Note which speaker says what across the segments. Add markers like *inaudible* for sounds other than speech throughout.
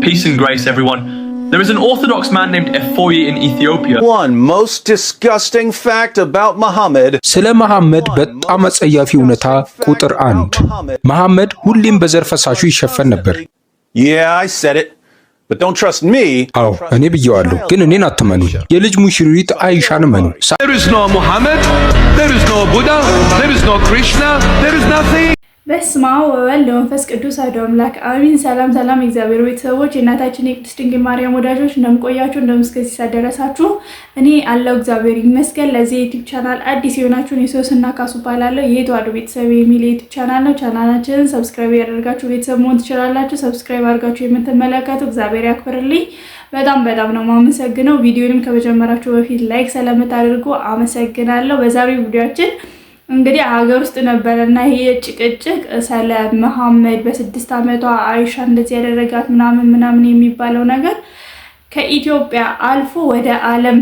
Speaker 1: Peace and grace, everyone. There is an Orthodox man named Efoyi in Ethiopia.
Speaker 2: One most disgusting fact about Muhammad.
Speaker 3: ስለ መሐመድ በጣም አጸያፊ እውነታ ቁጥር አንድ መሐመድ ሁሌም በዘር ፈሳሹ ይሸፈን ነበር።
Speaker 2: Yeah, I said it. But don't trust me.
Speaker 3: አዎ እኔ ብየዋለሁ፣ ግን እኔን አትመኑ። የልጅ ሙሽሪት አይሻን መኑ።
Speaker 1: There is no Muhammad, there is no Buddha, there is no Krishna, there is nothing.
Speaker 4: በስመ አብ ወወልድ ወመንፈስ ቅዱስ አሐዱ አምላክ አሚን። ሰላም ሰላም፣ የእግዚአብሔር ቤተሰቦች የእናታችን የቅድስት ድንግል ማርያም ወዳጆች እንደምቆያችሁ እንደምስከዚህ ሳደረሳችሁ እኔ አለው እግዚአብሔር ይመስገን። ለዚህ ዩቲብ ቻናል አዲስ የሆናችሁን የሶስና ካሱ ባላለው የተዋሕዶ ቤተሰብ የሚል የዩቲብ ቻናል ነው። ቻናላችንን ሰብስክራይብ ያደርጋችሁ ቤተሰብ መሆን ትችላላችሁ። ሰብስክራይብ አድርጋችሁ የምትመለከቱ እግዚአብሔር ያክብርልኝ። በጣም በጣም ነው የማመሰግነው። ቪዲዮንም ከመጀመራችሁ በፊት ላይክ ስለምታደርጉ አመሰግናለሁ። በዛሬው ቪዲዮአችን እንግዲህ ሀገር ውስጥ ነበረ እና ይሄ ጭቅጭቅ ስለ መሐመድ በስድስት ዓመቷ አይሻ እንደዚህ ያደረጋት ምናምን ምናምን የሚባለው ነገር ከኢትዮጵያ አልፎ ወደ ዓለም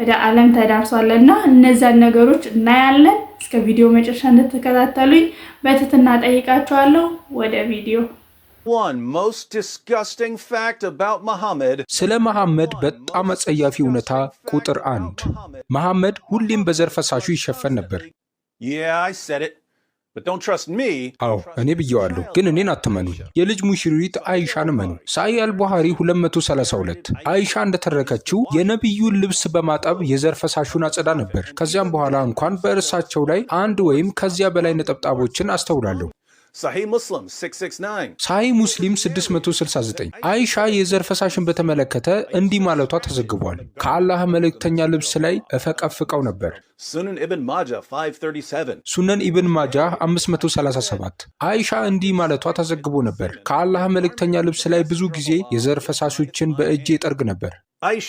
Speaker 4: ወደ ዓለም ተዳርሷል እና እነዛን ነገሮች እናያለን። እስከ ቪዲዮ መጨረሻ እንድትከታተሉኝ በትህትና ጠይቃችኋለሁ። ወደ ቪዲዮ ስለ መሐመድ በጣም አጸያፊ እውነታ ቁጥር አንድ መሐመድ ሁሌም በዘር ፈሳሹ ይሸፈን ነበር። አዎ እኔ ብየዋለሁ፣ ግን እኔን አትመኑ። የልጅ ሙሽሪት አይሻን መኑ። ሳይ አልቡሃሪ 232 አይሻ እንደተረከችው የነቢዩን ልብስ በማጠብ የዘር ፈሳሹን አጸዳ ነበር። ከዚያም በኋላ እንኳን በእርሳቸው ላይ አንድ ወይም ከዚያ በላይ ነጠብጣቦችን አስተውላለሁ። ሳሂ ሙስሊም 669፣ ሳሂ ሙስሊም 669 አይሻ የዘር ፈሳሽን በተመለከተ እንዲህ ማለቷ ተዘግቧል። ከአላህ መልእክተኛ ልብስ ላይ እፈቀፍቀው ነበር። ሱነን ኢብን ማጃ 537፣ ሱነን ኢብን ማጃ 537 አይሻ እንዲህ ማለቷ ተዘግቦ ነበር። ከአላህ መልእክተኛ ልብስ ላይ ብዙ ጊዜ የዘር ፈሳሾችን በእጄ ጠርግ ነበር። አይሻ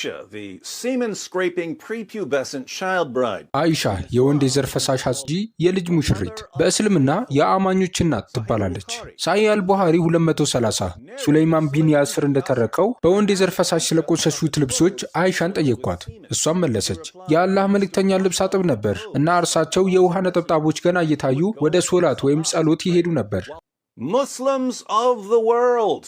Speaker 4: የወንድ የዘር ፈሳሽ አስጂ የልጅ ሙሽሪት በእስልምና የአማኞች እናት ትባላለች። ሳሂህ አልቡሃሪ 230 ሱለይማን ቢን ያስር እንደተረከው በወንድ የዘር ፈሳሽ ስለቆሸሹት ልብሶች አይሻን ጠየቅኳት። እሷም መለሰች፣ የአላህ መልእክተኛ ልብስ አጥብ ነበር እና እርሳቸው የውሃ ነጠብጣቦች ገና እየታዩ ወደ ሶላት ወይም ጸሎት ይሄዱ ነበር። ሙስሊምስ ኦፍ ዘ ወርልድ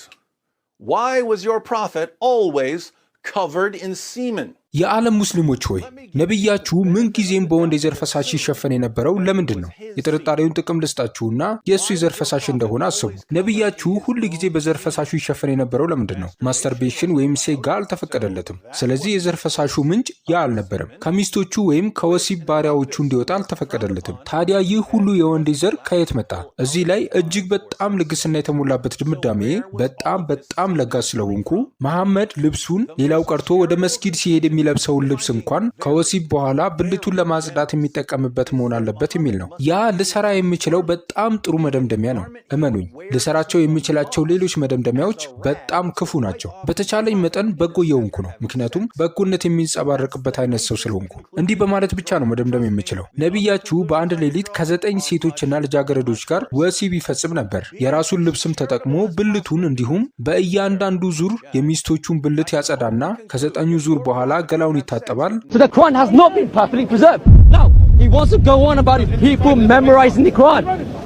Speaker 4: ዋይ ዋዝ ዮር ፕሮፌት ኦልዌይስ covered in semen. የዓለም ሙስሊሞች ሆይ ነቢያችሁ ምንጊዜም በወንድ የዘር ፈሳሽ ሲሸፈን የነበረው ለምንድን ነው? የጥርጣሬውን ጥቅም ልስጣችሁና የእሱ የዘር ፈሳሽ እንደሆነ አስቡ። ነቢያችሁ ሁል ጊዜ በዘር ፈሳሹ ይሸፈን የነበረው ለምንድን ነው? ማስተርቤሽን ወይም ሴጋ አልተፈቀደለትም። ስለዚህ የዘር ፈሳሹ ምንጭ ያ አልነበረም። ከሚስቶቹ ወይም ከወሲብ ባሪያዎቹ እንዲወጣ አልተፈቀደለትም። ታዲያ ይህ ሁሉ የወንድ ዘር ከየት መጣ? እዚህ ላይ እጅግ በጣም ልግስና የተሞላበት ድምዳሜ በጣም በጣም ለጋስ ስለሆንኩ መሐመድ ልብሱን ሌላው ቀርቶ ወደ መስጊድ ሲሄድ የሚ የሚለብሰውን ልብስ እንኳን ከወሲብ በኋላ ብልቱን ለማጽዳት የሚጠቀምበት መሆን አለበት የሚል ነው። ያ ልሰራ የምችለው በጣም ጥሩ መደምደሚያ ነው። እመኑኝ፣ ልሰራቸው የምችላቸው ሌሎች መደምደሚያዎች በጣም ክፉ ናቸው። በተቻለኝ መጠን በጎ የሆንኩ ነው፣ ምክንያቱም በጎነት የሚንጸባረቅበት አይነት ሰው ስለሆንኩ። እንዲህ በማለት ብቻ ነው መደምደም የምችለው። ነቢያችሁ በአንድ ሌሊት ከዘጠኝ ሴቶችና ልጃገረዶች ጋር ወሲብ ይፈጽም ነበር። የራሱን ልብስም ተጠቅሞ ብልቱን እንዲሁም በእያንዳንዱ ዙር የሚስቶቹን ብልት ያጸዳና ከዘጠኙ ዙር በኋላ So the Quran has not been perfectly preserved. Now he wants to go on about people memorizing the Quran.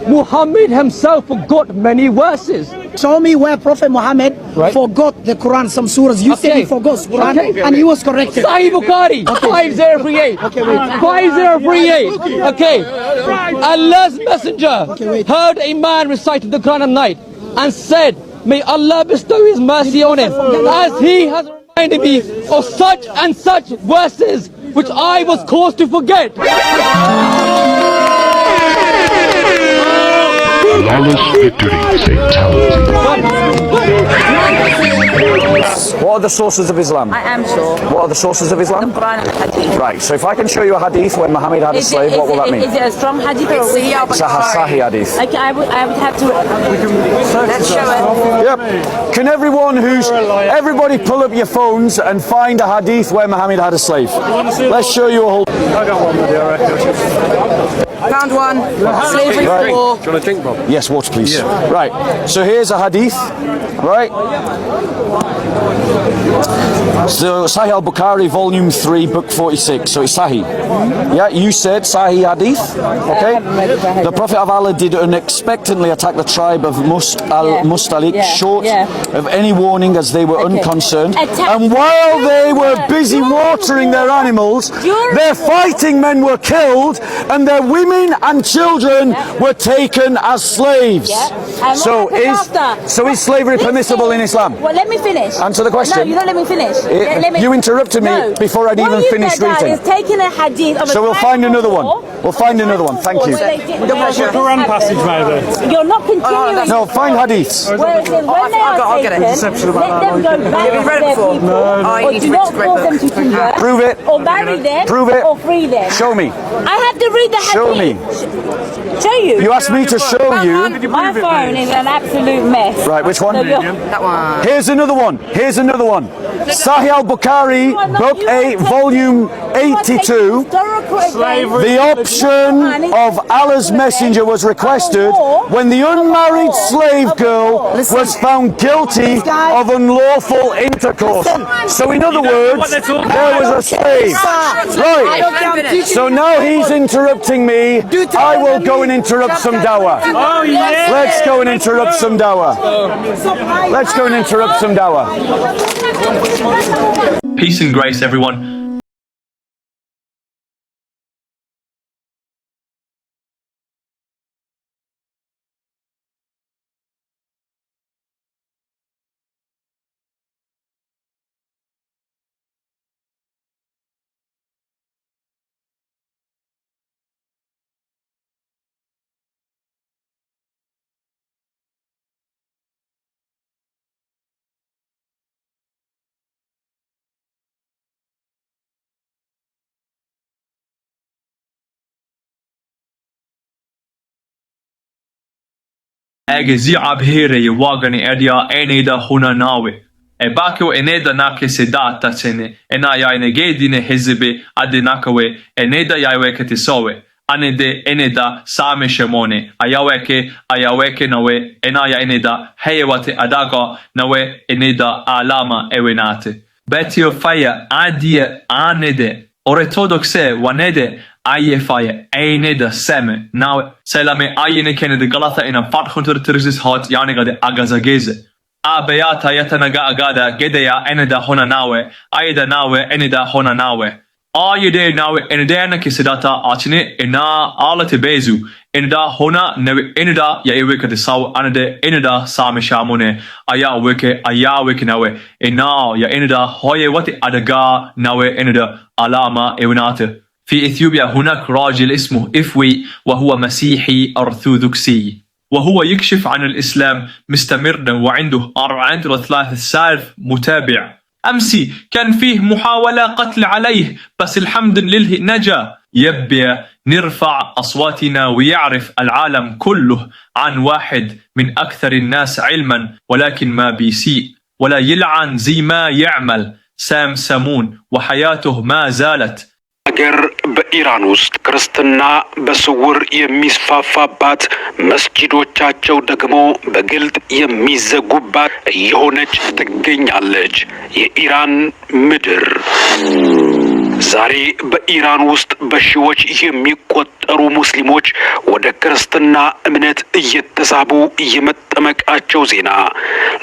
Speaker 4: Muhammad himself forgot many verses. show me where prophet muhammad forgot the quran some surahs you say he forgot quran and he was corrected sahih bukhari okay. 5038 okay wait 5038 okay allah's messenger heard a man recite the quran at night and said may allah bestow his mercy on him as he has enemy of such and such verses which I was caused to forget. Flawless victory, fatality. What are the sources of Islam? I am sure. What are the sources of Islam? The Quran and Hadith. Right, so if I can show you a Hadith where Muhammad had a slave, it, what will it, that mean? Is it a strong Hadith or a weak It's a Sahih Hadith. Okay, I would, have to... Let's show it. Yep. Can everyone who's... Everybody pull up your phones and find a Hadith where Muhammad had a slave. Let's show you a whole... I got one, Found one, slavery right. Do you want to drink, Bob? Yes, water, please. Yeah. Right. So here's a hadith, right? So Sahih al Bukhari, Volume 3, Book 46. So it's Sahih. Yeah, you said Sahih hadith. Okay. The Prophet of Allah did unexpectedly attack the tribe of Must al Mustalik yeah. short yeah. of any warning as they were okay. unconcerned. Attack. And while they were busy watering their animals, their fighting men were killed and their women and children yeah. were taken as slaves. Yeah. So is so is slavery Listen. permissible in Islam? Well, let me finish. Answer the question. No, you don't let me finish. It, eh, let me... You interrupted me no. before I'd what even finished reading. Is taking a hadith so a we'll find another one. We'll find another one. Thank you. Quran passage, maybe. You're not oh, oh, continuing. No, find hadiths. Well, when oh, they are taken, let them go back to their people. No, or oh, do not cause them to convert. *laughs* Prove it. Or marry them. Prove it. Or free them. Show me. I have to read the hadith show me. Show you? You asked me to show you. My phone is an absolute mess. Right, which one? That one. Here's another one. Here's another one. Sahih al Bukhari, Book a Volume 82, the option of Allah's Messenger was requested when the unmarried slave girl was found guilty of unlawful intercourse. So, in other words, there was a slave. Right. So now he's interrupting me. I will go and interrupt some dawah. Oh, Let's go and interrupt some dawah. Let's go and interrupt some dawah. Peace and grace, everyone. hag zi abhere wagani edia eneda hunanawe. E bakio eneda nake se data cene, ena jajne gedine hezebe adenakawe eneda jajweke tisowe. Anede eneda same şemone, ayaveke ayaveke nawe enaya eneda heyevate adaga nawe eneda alama evenate. Betio faya adie anede ortodokse vanede ayefaye eyne de seme. Now selame ayene kenede Galata ina farhuntur tırzis hat yani gade beyata, Abeyata yatanaga agada gedeya ene de hona nawe. Ayda nawe ene de hona nawe. آيدي ناوي إندا نكسداتا آتني إنا آلة بيزو إن إندا هنا نوي دا يا كده ساو أنا دا إن دا سامي شاموني أيا ويك أيا ويك ناوي إنا يا إن دا هوي واتي أدقا ناوي إندا علامة إوناتي في إثيوبيا هناك راجل اسمه إفوي وهو مسيحي أرثوذكسي وهو يكشف عن الإسلام مستمرا وعنده 4 3 متابع أمسي كان فيه محاولة قتل عليه بس الحمد لله نجا يبي نرفع أصواتنا ويعرف العالم كله عن واحد من أكثر الناس علما ولكن ما بيسيء ولا يلعن زي ما يعمل سام سمون وحياته ما زالت ሀገር በኢራን ውስጥ ክርስትና በስውር የሚስፋፋባት መስጂዶቻቸው ደግሞ በግልጥ የሚዘጉባት እየሆነች ትገኛለች የኢራን ምድር። ዛሬ በኢራን ውስጥ በሺዎች የሚቆጠሩ ሙስሊሞች ወደ ክርስትና እምነት እየተሳቡ የመጠመቃቸው ዜና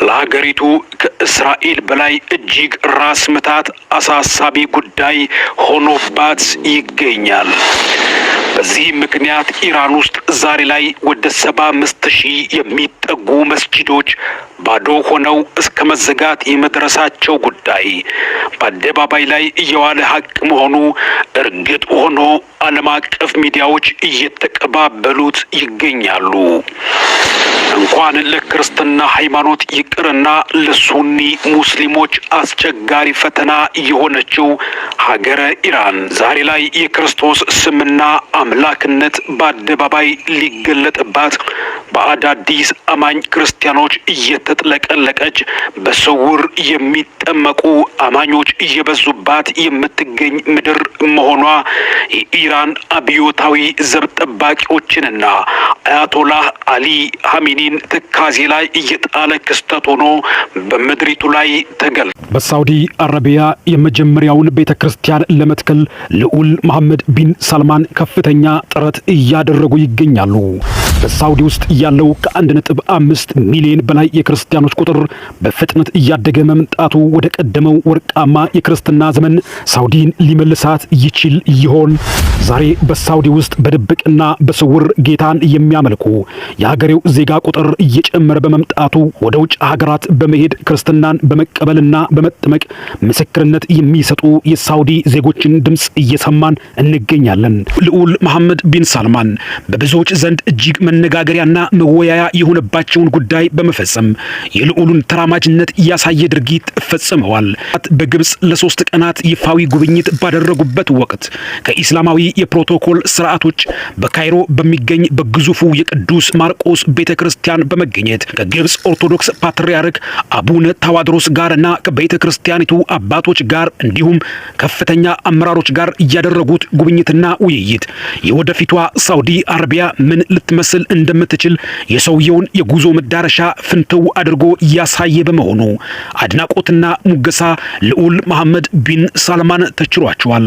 Speaker 4: ለሀገሪቱ ከእስራኤል በላይ እጅግ ራስ ምታት አሳሳቢ ጉዳይ ሆኖባት ይገኛል። በዚህ ምክንያት ኢራን ውስጥ ዛሬ ላይ ወደ ሰባ አምስት ሺህ የሚጠጉ መስጂዶች ባዶ ሆነው እስከ መዘጋት የመድረሳቸው ጉዳይ በአደባባይ ላይ እየዋለ ሀቅ መሆኑ እርግጥ ሆኖ ዓለም አቀፍ ሚዲያዎች እየተቀባበሉት ይገኛሉ። እንኳን ለክርስትና ሃይማኖት ይቅርና ለሱኒ ሙስሊሞች አስቸጋሪ ፈተና የሆነችው ሀገረ ኢራን ዛሬ ላይ የክርስቶስ ስምና አምላክነት በአደባባይ ሊገለጥባት በአዳዲስ አማኝ ክርስቲያኖች እየተጥለቀለቀች በስውር የሚጠመቁ አማኞች እየበዙባት የምትገኝ ምድር መሆኗ የኢራን አብዮታዊ ዘብ ጠባቂዎችንና አያቶላህ አሊ ሀሚኒ በሰሜን ትካዜ ላይ እየጣለ ክስተት ሆኖ በምድሪቱ ላይ ተገል በሳውዲ አረቢያ የመጀመሪያውን ቤተ ክርስቲያን ለመትከል ልዑል መሐመድ ቢን ሳልማን ከፍተኛ ጥረት እያደረጉ ይገኛሉ። በሳውዲ ውስጥ ያለው ከአንድ ነጥብ አምስት ሚሊዮን በላይ የክርስቲያኖች ቁጥር በፍጥነት እያደገ መምጣቱ ወደ ቀደመው ወርቃማ የክርስትና ዘመን ሳውዲን ሊመልሳት ይችል ይሆን? ዛሬ በሳውዲ ውስጥ በድብቅና በስውር ጌታን የሚያመልኩ የሀገሬው ዜጋ ቁጥር እየጨመረ በመምጣቱ ወደ ውጭ ሀገራት በመሄድ ክርስትናን በመቀበልና በመጠመቅ ምስክርነት የሚሰጡ የሳውዲ ዜጎችን ድምፅ እየሰማን እንገኛለን። ልዑል መሐመድ ቢን ሳልማን በብዙዎች ዘንድ እጅግ መነጋገሪያና መወያያ የሆነባቸውን ጉዳይ በመፈጸም የልዑሉን ተራማጅነት እያሳየ ድርጊት ፈጽመዋል። በግብፅ ለሶስት ቀናት ይፋዊ ጉብኝት ባደረጉበት ወቅት ከኢስላማዊ የፕሮቶኮል ስርዓቶች በካይሮ በሚገኝ በግዙፉ የቅዱስ ማርቆስ ቤተ ክርስቲያን በመገኘት ከግብፅ ኦርቶዶክስ ፓትርያርክ አቡነ ታዋድሮስ ጋርና ከቤተ ክርስቲያኒቱ አባቶች ጋር እንዲሁም ከፍተኛ አመራሮች ጋር እያደረጉት ጉብኝትና ውይይት የወደፊቷ ሳውዲ አረቢያ ምን ልትመስል ልትመስል እንደምትችል የሰውየውን የጉዞ መዳረሻ ፍንትው አድርጎ እያሳየ በመሆኑ አድናቆትና ሙገሳ ልዑል መሐመድ ቢን ሳልማን ተችሯቸዋል።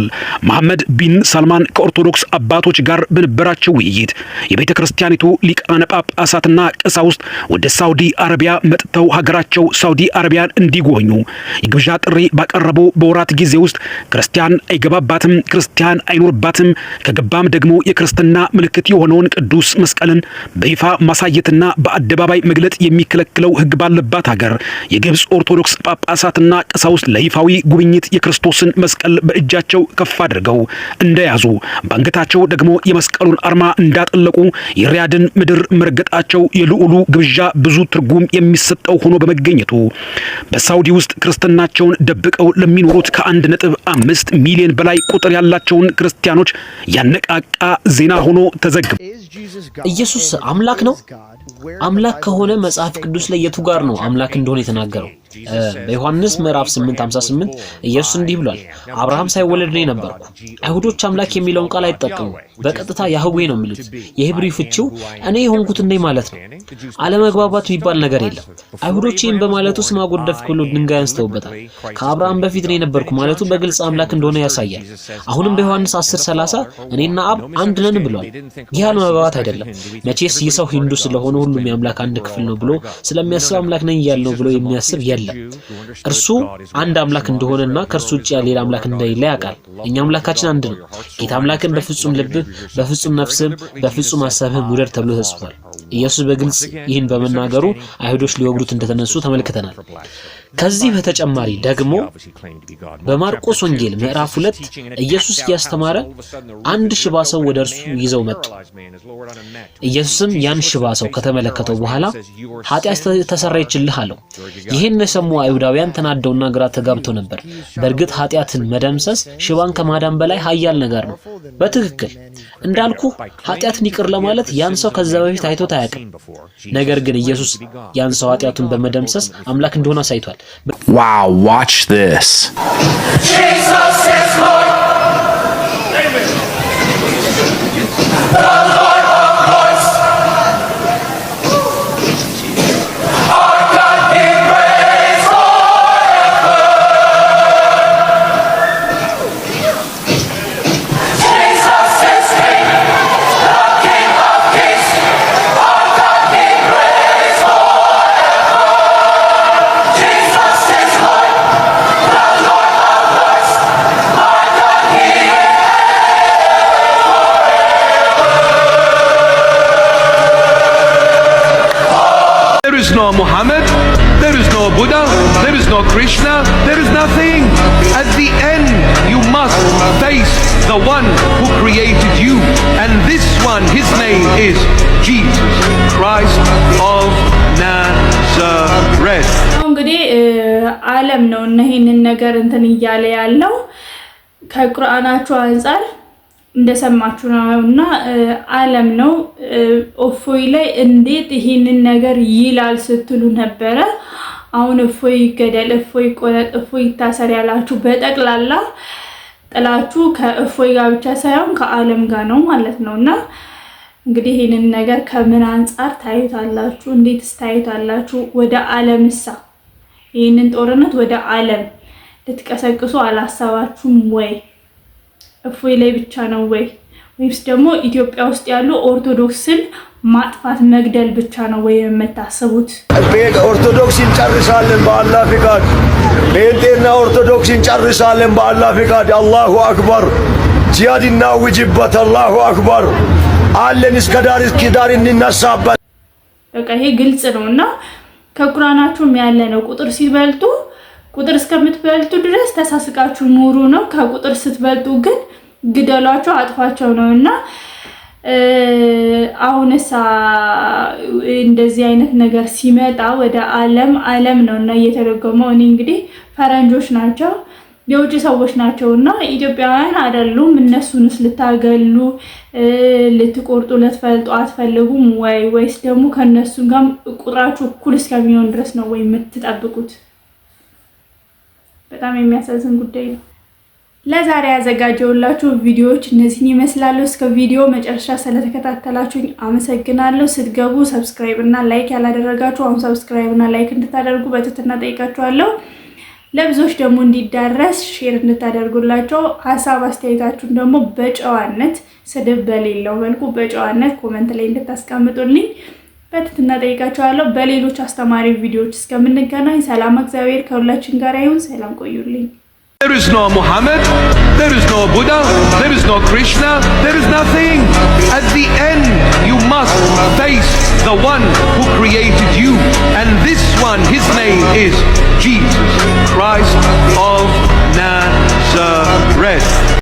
Speaker 4: መሐመድ ቢን ሳልማን ከኦርቶዶክስ አባቶች ጋር በነበራቸው ውይይት የቤተ ክርስቲያኒቱ ሊቃነ ጳጳሳትና ቀሳውስት ወደ ሳውዲ አረቢያ መጥተው ሀገራቸው ሳውዲ አረቢያን እንዲጎኙ የግብዣ ጥሪ ባቀረቡ በወራት ጊዜ ውስጥ ክርስቲያን አይገባባትም፣ ክርስቲያን አይኖርባትም፣ ከገባም ደግሞ የክርስትና ምልክት የሆነውን ቅዱስ መስቀልን መሆኑን በይፋ ማሳየትና በአደባባይ መግለጥ የሚከለክለው ሕግ ባለባት ሀገር የግብፅ ኦርቶዶክስ ጳጳሳትና ቀሳውስት ለይፋዊ ጉብኝት የክርስቶስን መስቀል በእጃቸው ከፍ አድርገው እንደያዙ በአንገታቸው ደግሞ የመስቀሉን አርማ እንዳጠለቁ የሪያድን ምድር መርገጣቸው የልዑሉ ግብዣ ብዙ ትርጉም የሚሰጠው ሆኖ በመገኘቱ በሳውዲ ውስጥ ክርስትናቸውን ደብቀው ለሚኖሩት ከአንድ ነጥብ አምስት ሚሊዮን በላይ ቁጥር ያላቸውን ክርስቲያኖች ያነቃቃ ዜና ሆኖ ተዘግቧል። ኢየሱስ አምላክ ነው? አምላክ ከሆነ መጽሐፍ ቅዱስ ላይ የቱ ጋር ነው አምላክ እንደሆነ የተናገረው? በዮሐንስ ምዕራፍ 8 58 ኢየሱስ እንዲህ ብሏል፣ አብርሃም ሳይወለድ እኔ ነበርኩ። አይሁዶች አምላክ የሚለውን ቃል አይጠቀሙ፣ በቀጥታ ያህዌ ነው የሚሉት። የሂብሪ ፍቺው እኔ የሆንኩት ነኝ ማለት ነው። አለመግባባት የሚባል ነገር የለም። አይሁዶች ይህን በማለቱ ስማ ጎደፍ ብሎ ድንጋይ አንስተውበታል። ከአብርሃም በፊት እኔ ነበርኩ ማለቱ በግልጽ አምላክ እንደሆነ ያሳያል። አሁንም በዮሐንስ 10 30 እኔና አብ አንድ ነን ብሏል። ይህ አለመግባባት አይደለም። መቼስ ይህ ሰው ሂንዱ ስለሆነ ሁሉም የአምላክ አንድ ክፍል ነው ብሎ ስለሚያስብ አምላክ ነኝ እያልነው ብሎ የሚያስብ አይደለም። እርሱ አንድ አምላክ እንደሆነና ከእርሱ ውጭ ሌላ አምላክ እንደሌለ ያውቃል። እኛ አምላካችን አንድ ነው። ጌታ አምላክን በፍጹም ልብህ፣ በፍጹም ነፍስህም፣ በፍጹም ሀሳብህም ውደድ ተብሎ ተጽፏል። ኢየሱስ በግልጽ ይህን በመናገሩ አይሁዶች ሊወግሩት እንደተነሱ ተመልክተናል። ከዚህ በተጨማሪ ደግሞ በማርቆስ ወንጌል ምዕራፍ ሁለት ኢየሱስ እያስተማረ አንድ ሽባ ሰው ወደ እርሱ ይዘው መጡ። ኢየሱስም ያን ሽባ ሰው ከተመለከተው በኋላ ኃጢአት ተሰራይችልህ አለው። ይህን የሰሙ አይሁዳውያን ተናደውና ግራ ተጋብተው ነበር። በእርግጥ ኃጢአትን መደምሰስ ሽባን ከማዳን በላይ ኃያል ነገር ነው። በትክክል እንዳልኩ ኃጢአትን ይቅር ለማለት ያን ሰው ከዛ በፊት አይቶት አያውቅም። ነገር ግን ኢየሱስ ያን ሰው ኃጢአቱን በመደምሰስ አምላክ እንደሆነ አሳይቷል። Wow, watch this. Jesus is Lord. Amen. There is no Krishna, there is nothing. At the end, you must face the one who created you. And this one, his name is Jesus Christ of Nazareth. እንግዲህ ዓለም ነው እና ይህንን ነገር እንትን እያለ ያለው ከቁርአናችሁ አንጻር እንደሰማችሁ ነው እና ዓለም ነው። እፎይ ላይ እንዴት ይህንን ነገር ይላል ስትሉ ነበረ። አሁን እፎይ ይገደል፣ እፎይ ይቆረጥ፣ እፎይ ይታሰር ያላችሁ በጠቅላላ ጥላችሁ ከእፎይ ጋር ብቻ ሳይሆን ከዓለም ጋር ነው ማለት ነው። እና እንግዲህ ይህንን ነገር ከምን አንጻር ታዩታላችሁ? እንዴትስ ታዩታላችሁ? ወደ ዓለም እሳ ይህንን ጦርነት ወደ ዓለም ልትቀሰቅሱ አላሰባችሁም ወይ? እፎይ ላይ ብቻ ነው ወይ? ወይምስ ደግሞ ኢትዮጵያ ውስጥ ያሉ ኦርቶዶክስን ማጥፋት መግደል ብቻ ነው ወይ የምታስቡት? ኦርቶዶክስ እንጨርሳለን በአላ ፍቃድ፣ ጴንጤና ኦርቶዶክስ እንጨርሳለን በአላ ፍቃድ። አላሁ አክበር ጂሃድ እናውጅበት። አላሁ አክበር አለን እስከ ዳር እስከ ዳር እንነሳበት። በቃ ይሄ ግልጽ ነው እና ከቁራናችሁም ያለ ነው። ቁጥር ሲበልጡ ቁጥር እስከምትበልጡ ድረስ ተሳስቃችሁ ኑሩ ነው። ከቁጥር ስትበልጡ ግን ግደሏቸው፣ አጥፏቸው ነው እና አሁንሳ እንደዚህ አይነት ነገር ሲመጣ ወደ ዓለም ዓለም ነው እና እየተደገመው እኔ እንግዲህ ፈረንጆች ናቸው የውጭ ሰዎች ናቸው እና ኢትዮጵያውያን አይደሉም። እነሱንስ ልታገሉ ልትቆርጡ ልትፈልጡ አትፈልጉም ወይ? ወይስ ደግሞ ከእነሱ ጋር ቁጥራችሁ እኩል እስከሚሆን ድረስ ነው ወይ የምትጠብቁት? በጣም የሚያሳዝን ጉዳይ ነው። ለዛሬ ያዘጋጀውላችሁ ቪዲዮዎች እነዚህን ይመስላሉ። እስከ ቪዲዮ መጨረሻ ስለተከታተላችሁኝ አመሰግናለሁ። ስትገቡ ሰብስክራይብ እና ላይክ ያላደረጋችሁ አሁን ሰብስክራይብ እና ላይክ እንድታደርጉ በትህትና ጠይቃችኋለሁ። ለብዙዎች ደግሞ እንዲዳረስ ሼር እንድታደርጉላቸው፣ ሀሳብ አስተያየታችሁን ደግሞ በጨዋነት ስድብ በሌለው መልኩ በጨዋነት ኮመንት ላይ እንድታስቀምጡልኝ በትህትና ጠይቃችኋለሁ። በሌሎች አስተማሪ ቪዲዮዎች እስከምንገናኝ ሰላም፣ እግዚአብሔር ከሁላችን ጋር ይሁን። ሰላም ቆዩልኝ። There is no Muhammad, there is no Buddha, there is no Krishna, there is nothing. At the end, you must face the one who created you. And this one, his name is Jesus Christ of Nazareth.